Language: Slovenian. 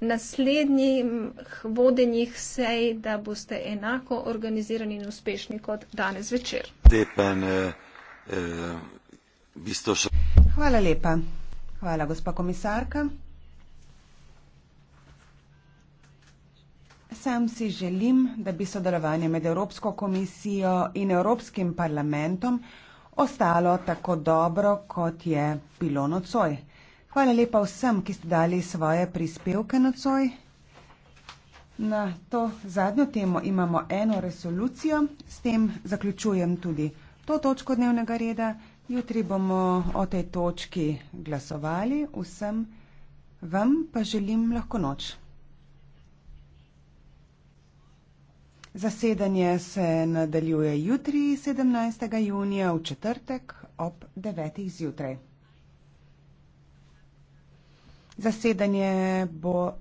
naslednjih vodenjih sej, da boste enako organizirani in uspešni kot danes večer. Eh, eh, Hvala lepa. Hvala, gospa komisarka. Sam si želim, da bi sodelovanje med Evropsko komisijo in Evropskim parlamentom ostalo tako dobro, kot je bilo nocoj. Hvala lepa vsem, ki ste dali svoje prispevke nocoj. Na to zadnjo temo imamo eno resolucijo, s tem zaključujem tudi to točko dnevnega reda. Jutri bomo o tej točki glasovali. Vsem vam pa želim lahko noč. Zasedanje se nadaljuje jutri, 17. junija, v četrtek ob 9. zjutraj. Zasedanje bo